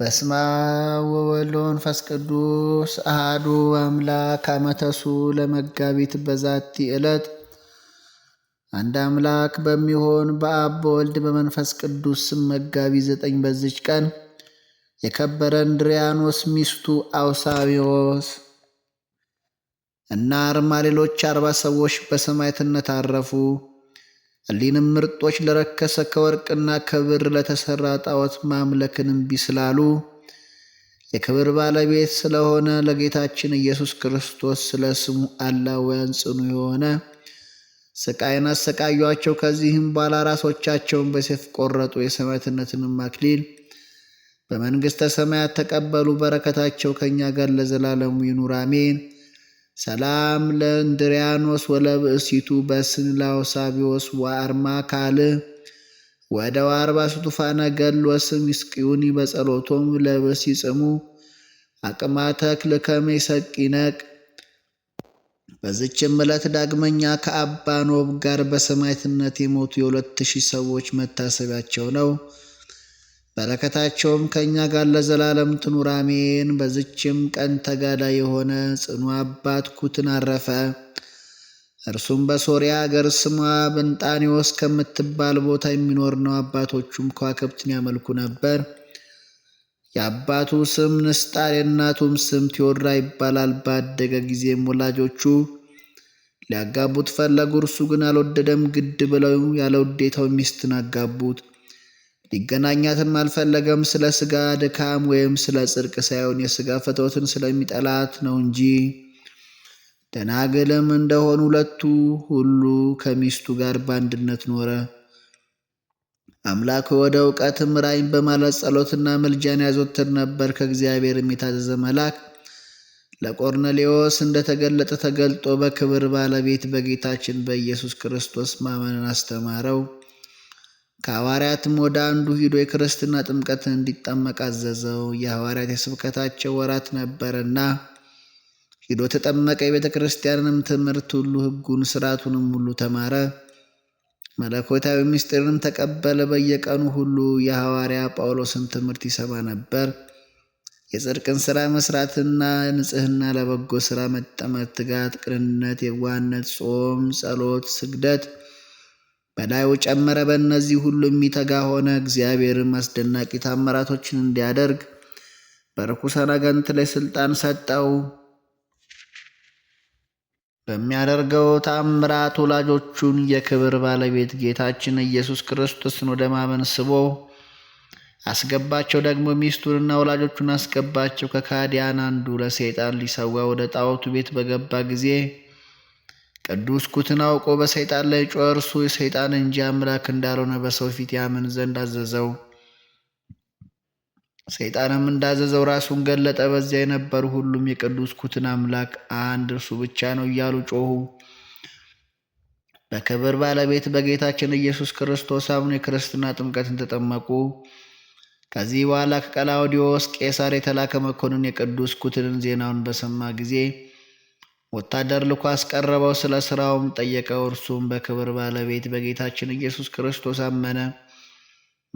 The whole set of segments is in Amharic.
በስማ ወወልድ ወመንፈስ ቅዱስ አሐዱ አምላክ አመተሱ ለመጋቢት በዛቲ ዕለት አንድ አምላክ በሚሆን በአብ በወልድ በመንፈስ ቅዱስ ስም መጋቢት ዘጠኝ በዚች ቀን የከበረ እንድሪያኖስ ሚስቱ አውሳቢዎስ እና አርማ ሌሎች አርባ ሰዎች በሰማዕትነት አረፉ። እሊንም ምርጦች ለረከሰ ከወርቅና ከብር ለተሰራ ጣዖት ማምለክን እምቢ ስላሉ የክብር ባለቤት ስለሆነ ለጌታችን ኢየሱስ ክርስቶስ ስለ ስሙ አላውያን ጽኑ የሆነ ስቃይን አሰቃዩቸው። ከዚህም በኋላ ራሶቻቸውን በሴፍ ቆረጡ። የሰማዕትነትንም አክሊል በመንግሥተ ሰማያት ተቀበሉ። በረከታቸው ከእኛ ጋር ለዘላለሙ ይኑር አሜን። ሰላም ለእንድሪያኖስ ወለብእሲቱ በስንላውሳቢዎስ ወአርማ ካል ወደ አርባዕቱ ቱፋነ ገድል ወስም ይስቅዩኒ በጸሎቶም ለብስ ይጽሙ አቅማተክ ክልከመ ሰቂነቅ በዝችም ዕለት ዳግመኛ ከአባ ኖብ ጋር በሰማዕትነት የሞቱ የሁለት ሺህ ሰዎች መታሰቢያቸው ነው። በረከታቸውም ከእኛ ጋር ለዘላለም ትኑር አሜን። በዝችም ቀን ተጋዳይ የሆነ ጽኑ አባት ኩትን አረፈ። እርሱም በሶሪያ አገር ስሟ ብንጣኔዎስ ከምትባል ቦታ የሚኖር ነው። አባቶቹም ከዋክብትን ያመልኩ ነበር። የአባቱ ስም ንስጣር፣ የእናቱም ስም ቴዎድራ ይባላል። ባደገ ጊዜም ወላጆቹ ሊያጋቡት ፈለጉ። እርሱ ግን አልወደደም። ግድ ብለው ያለ ውዴታው ሚስትን አጋቡት። ሊገናኛትም አልፈለገም። ስለ ስጋ ድካም ወይም ስለ ጽድቅ ሳይሆን የስጋ ፍትወትን ስለሚጠላት ነው እንጂ። ደናግልም እንደሆኑ ሁለቱ ሁሉ ከሚስቱ ጋር በአንድነት ኖረ። አምላክ ወደ እውቀት ራይን በማለት ጸሎትና ምልጃን ያዘወትር ነበር። ከእግዚአብሔርም የታዘዘ መልአክ ለቆርኔሌዎስ እንደተገለጠ ተገልጦ በክብር ባለቤት በጌታችን በኢየሱስ ክርስቶስ ማመንን አስተማረው። ከሐዋርያትም ወደ አንዱ ሂዶ የክርስትና ጥምቀትን እንዲጠመቅ አዘዘው። የሐዋርያት የስብከታቸው ወራት ነበርና ሂዶ ተጠመቀ። የቤተ ክርስቲያንንም ትምህርት ሁሉ ሕጉን ስርዓቱንም ሁሉ ተማረ። መለኮታዊ ምስጢርንም ተቀበለ። በየቀኑ ሁሉ የሐዋርያ ጳውሎስን ትምህርት ይሰማ ነበር። የጽድቅን ሥራ መሥራትና ንጽሕና፣ ለበጎ ሥራ መጠመት፣ ትጋት፣ ቅንነት፣ የዋነት፣ ጾም፣ ጸሎት፣ ስግደት በላዩ ጨመረ። በእነዚህ ሁሉ የሚተጋ ሆነ። እግዚአብሔርም አስደናቂ ታምራቶችን እንዲያደርግ በርኩሳን አጋንንት ላይ ስልጣን ሰጠው። በሚያደርገው ተአምራት ወላጆቹን የክብር ባለቤት ጌታችን ኢየሱስ ክርስቶስን ወደ ማመን ስቦ አስገባቸው። ደግሞ ሚስቱንና ወላጆቹን አስገባቸው። ከካዲያን አንዱ ለሰይጣን ሊሰዋ ወደ ጣዖቱ ቤት በገባ ጊዜ ቅዱስ ኩትን አውቆ በሰይጣን ላይ ጮኸ። እርሱ ሰይጣን እንጂ አምላክ እንዳልሆነ በሰው ፊት ያምን ዘንድ አዘዘው። ሰይጣንም እንዳዘዘው ራሱን ገለጠ። በዚያ የነበሩ ሁሉም የቅዱስ ኩትን አምላክ አንድ እርሱ ብቻ ነው እያሉ ጮኹ። በክብር ባለቤት በጌታችን ኢየሱስ ክርስቶስ አምኖ የክርስትና ጥምቀትን ተጠመቁ። ከዚህ በኋላ ከቀላውዲዎስ ቄሳር የተላከ መኮንን የቅዱስ ኩትንን ዜናውን በሰማ ጊዜ ወታደር ልኮ አስቀረበው። ስለ ስራውም ጠየቀው። እርሱም በክብር ባለቤት በጌታችን ኢየሱስ ክርስቶስ አመነ።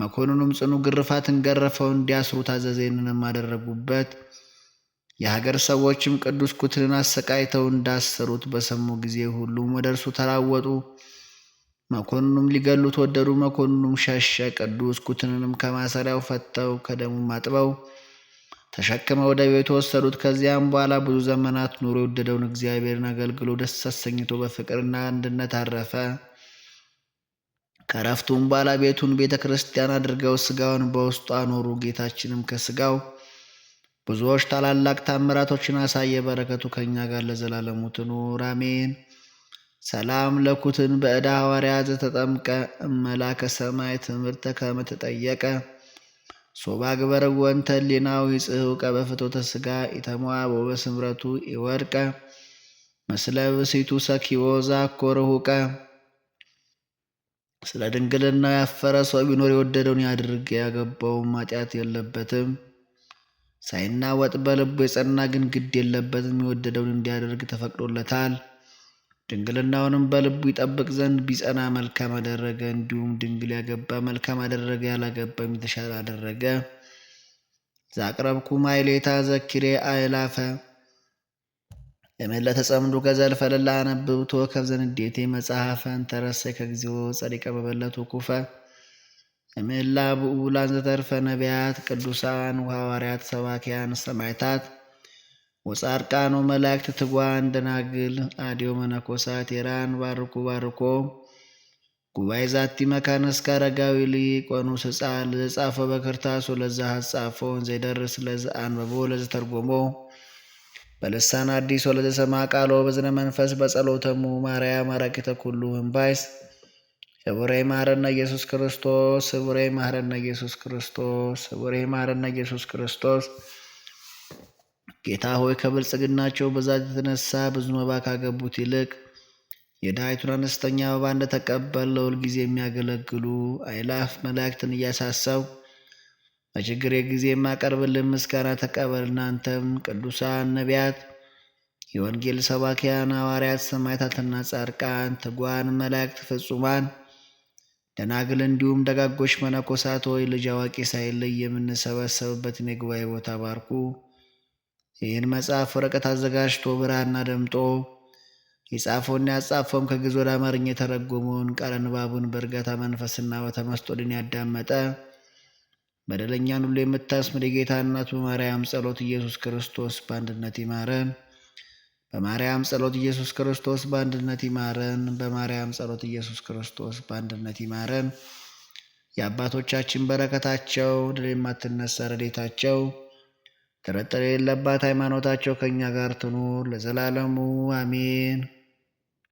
መኮንኑም ጽኑ ግርፋትን ገረፈው፣ እንዲያስሩ ታዘዘንም አደረጉበት። የሀገር ሰዎችም ቅዱስ ኩትንን አሰቃይተው እንዳሰሩት በሰሙ ጊዜ ሁሉም ወደ እርሱ ተራወጡ። መኮንኑም ሊገሉት ወደዱ። መኮንኑም ሸሸ። ቅዱስ ኩትንንም ከማሰሪያው ፈተው፣ ከደሙም አጥበው ተሸክመው ወደ ቤቱ ወሰዱት። ከዚያም በኋላ ብዙ ዘመናት ኑሮ የወደደውን እግዚአብሔርን አገልግሎ ደስ አሰኝቶ በፍቅርና አንድነት አረፈ። ከረፍቱም በኋላ ቤቱን ቤተ ክርስቲያን አድርገው ስጋውን በውስጡ አኖሩ። ጌታችንም ከስጋው ብዙዎች ታላላቅ ታምራቶችን አሳየ። በረከቱ ከእኛ ጋር ለዘላለሙ ትኑር አሜን። ሰላም ለኩትን በዕዳ ሐዋርያ ዘተጠምቀ እመላከ ሰማይ ትምህርተ ከመ ተጠየቀ ሶባግበር ወንተ ሊናው ይጽውቀ በፍቶተ ስጋ ኢተሟቦ በስምረቱ ይወድቀ መስለ ብሲቱ ሰኪቦ ዛኮ ስለ ድንግልና ያፈረ ሰው ቢኖር የወደደውን ያድርግ፣ ያገባውም ኃጢአት የለበትም። ሳይናወጥ በልቡ የጸና ግን ግድ የለበትም፣ የወደደውን እንዲያደርግ ተፈቅዶለታል። ድንግልናውንም በልቡ ይጠብቅ ዘንድ ቢጸና መልካም አደረገ። እንዲሁም ድንግል ያገባ መልካም አደረገ፣ ያላገባም የተሻለ አደረገ። ዛቅረብኩ ማይሌታ ዘኪሬ አይላፈ ተጸምዱ ጸምዱ ከዘልፈለላ አነብብቶ ከብዘን ከብዘንዴቴ መጽሐፈ እንተረሰ ከጊዜ ጸሪቀ በበለቱ ኩፈ የመላ ብኡላን ዘተርፈ ነቢያት ቅዱሳን ሐዋርያት ሰባኪያን ሰማይታት ወጻድቃኖ መላእክት ትጓን ደናግል ጻዲዮ መነኮሳት የራን ባርኩ ባርኮ ጉባኤ ዛቲ መካነስከ አረጋዊ ሊቆኑ ስጻን ለጻፈ በክርታስ ወለዛ ሐጻፈውን ዘይደርስ ለዛ አንበቦ ለዛ ተርጎሞ በልሳን አዲስ ወለዘ ሰማ ቃሎ በዝነ መንፈስ በጸሎተሙ ማርያም አራቂተ ኩሉ ህምባይስ ስቡረይ ማረነ ኢየሱስ ክርስቶስ ስቡረይ ማረነ ኢየሱስ ክርስቶስ ስቡረይ ማረነ ኢየሱስ ክርስቶስ ጌታ ሆይ ከብልጽግናቸው ብዛት የተነሳ ብዙ መባ ካገቡት ይልቅ የድሃይቱን አነስተኛ መባ እንደተቀበል ለሁል ጊዜ የሚያገለግሉ አይላፍ መላእክትን እያሳሰብ በችግሬ ጊዜ የማቀርብልን ምስጋና ተቀበል። እናንተም ቅዱሳን ነቢያት፣ የወንጌል ሰባኪያን ሐዋርያት፣ ሰማዕታትና ጻድቃን፣ ትጓን መላእክት፣ ፍጹማን ደናግል እንዲሁም ደጋጎች መነኮሳት ሆይ ልጅ አዋቂ ሳይለይ የምንሰበሰብበትን የጉባኤ ቦታ ባርኩ። ይህን መጽሐፍ ወረቀት አዘጋጅቶ ብራና ደምጦ የጻፈውና ያጻፈውም ከግዕዝ ወደ አማርኛ የተረጎመውን ቃለ ንባቡን በእርጋታ መንፈስና በተመስጦ ድን ያዳመጠ በደለኛን ሁሉ የምታስምር የጌታ እናቱ በማርያም ጸሎት ኢየሱስ ክርስቶስ በአንድነት ይማረን። በማርያም ጸሎት ኢየሱስ ክርስቶስ በአንድነት ይማረን። በማርያም ጸሎት ኢየሱስ ክርስቶስ በአንድነት ይማረን። የአባቶቻችን በረከታቸው ድል የማትነሳ ረዴታቸው ጥርጥር የለባት ሃይማኖታቸው ከእኛ ጋር ትኑር ለዘላለሙ አሜን።